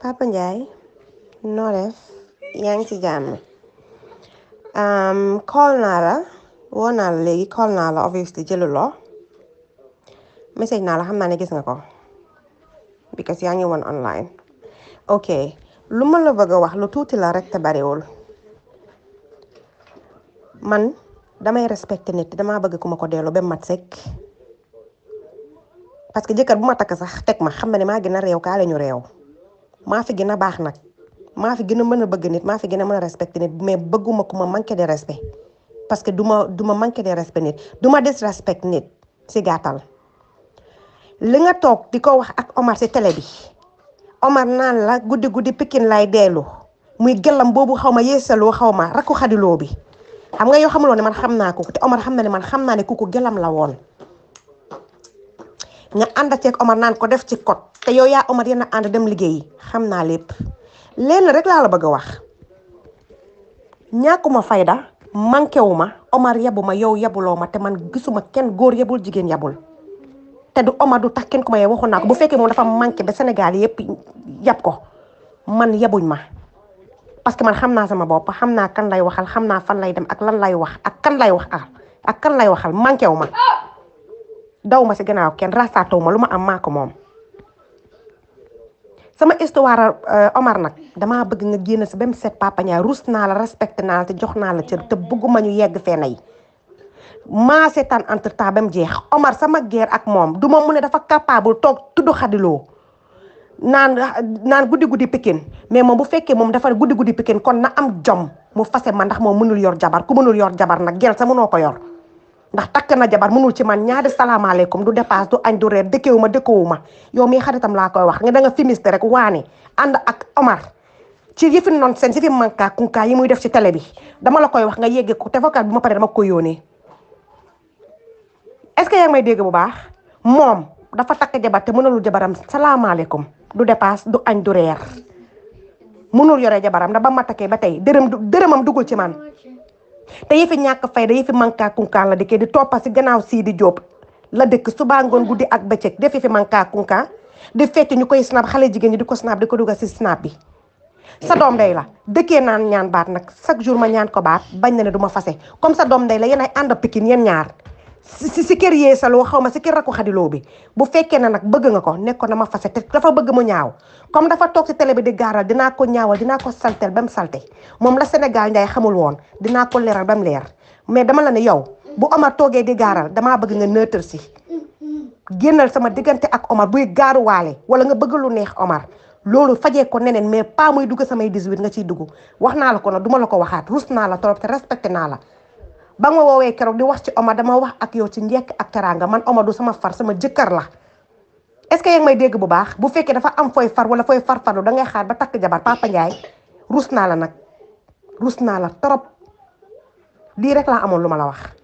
Papa Ndiaye noo yaa ngi ci jàmm call naa la woo naa la léegi call naa la obviously jëluloo message naa la xam naa ne gis nga ko because yaa ngi woon online ok lu ma la bëgg a wax lu tuuti la rek te bariwul man damay respecté nit damaa bëgg ku ma ko delloo ba mat sekk parce que jëkkër bu ma takk sax teg ma xam na ne maa gën a réew kaa la ñu réew maa fi gën a baax nag maa fi gën a mën a bëgg nit maa fi gën a mën a respecté nit mais bëgguma ku ma manqué de respect parce que duma ma du manqué de respect nit duma ma disrespect nit si gàttal. li nga toog di ko wax ak Omar si télé bi Omar naan la guddi guddi pikin lay deelu muy gëllam boobu xaw ma yeesaloo xaw ma rakku xadiloo bi xam nga yoo xamuloo ne man xam naa ko te xam na ne man xam naa ne kooku gëllam la woon. ña ànd ceeg Omar naan ko def ci code te yow yaa Omar yéen a ànd dem liggéeyi xam naa lépp lenn rek laa la bëgg a wax ñàkkuma fayda manqué wu ma Omar yabu ma yow yabuloo ma te man gisuma kenn góor yabul jigéen yabul te du Omar du tax kenn ku ma waxoon naa ko bu fekkee moom dafa manqué ba Sénégal yëpp yab ko man yabuñ ma parce que man xam naa sama bopp xam naa kan lay waxal xam naa fan lay dem ak lan lay wax ak kan lay wax ak kan lay waxal manqué wu ma. daw ma si gannaaw kenn rasaataw ma lu ma am maa ko moom sama histoire euh, Omar nag damaa bëgg nga génn si ba mu set Papa Ndiaye rus naa la respecté naa la te jox naa la cër te bëgguma ñu yegg fee nay ma seetaan entre temps ba jeex Omar sama guerre ak moom du ma mu ne dafa capable toog tudd xadiloo naan naan guddi guddi pikin mais moom bu fekkee moom dafa guddi guddi pikin kon na am jom mu fase ma ndax moom mënul yor jabar ku mënul yor jabar nag gel sa mënoo ko yor ndax takk na jabar mënul ci man ñaari salaamaaleykum du dépasse du añ du reer dëkkewu ma dëkkewu ma yow mii xaritam laa koy wax nga da nga fimiste rek waane ànd ak Omar ci yëfi noonu seen si fi manka kunka yi muy def ci télé bi dama la koy wax nga yegge ko te vocal ma pare dama koy yónnee ce que yaa dégg bu baax moom dafa takk jabar te mënalul jabaram salaamaaleykum du dépasse du añ du reer mënul yore jabaram ndax ba ma takkee ba tey dërëm dërëmam duggul ci man te yëfi ñàkk fay fayda yëfi mankaakunkaan la dikkee di toppa si gannaaw di Diop la dëkk subaa ngoon guddi ak bëccëg def yëfi mankaakunkaan di fecc ñu koy snap xale jigéen ñi di ko snap di ko dugal si snap bi sa doom day la dëkkee naan ñaan baat nag chaque jour ma ñaan ko baat bañ na ne du ma fase comme sa doom day la yéen ay ànd pikin yéen ñaar si si kër yee xaw ma si kër rakku xadiloo bi bu fekkee na nag bëgg nga ko nekkoon dama fase te dafa bëgg mu ñaaw comme dafa toog si télé bi di gaaral dinaa ko ñaawal dinaa ko saltel ba salte moom la Sénégal njaay xamul dinaa ko leeral ba mu leer mais dama la ne yow bu Omar toogee di gaaral damaa bëgg nga neutre si génnal sama diggante ak Omar buy gaaruwaale wala nga bëgg lu neex Omar loolu fajee ko neneen mais pas muy dugg samay 18 nga ciy dugg wax naa la ko nag duma la ko waxaat rus naa la trop te respecté naa la ba nga woowee keroog di wax ci oma dama wax ak yow ci njekk ak teraanga man oma du sama far sama jëkkër la est-ce que yaa may dégg bu baax bu fekkee dafa am fooy far wala fooy farfarlu da ngay xaar ba takk jabar papa Ndiaye rus naa la nag rus naa la trop lii rek laa amul lu ma la wax.